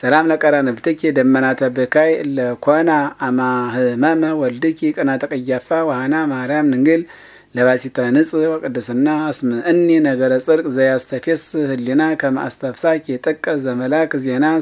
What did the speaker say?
ሰላም ንብትኪ ደመና ተብካይ ለኮና አማህመመ ወልድኪ ቀና ተቀያፋ ዋህና ማርያም ንግል ለባሲተ ንጽ ወቅድስና አስም እኒ ነገረ ጽድቅ ዘያስተፌስ ህሊና ከመ አስተፍሳኪ ጥቀ ዘመላክ ዜና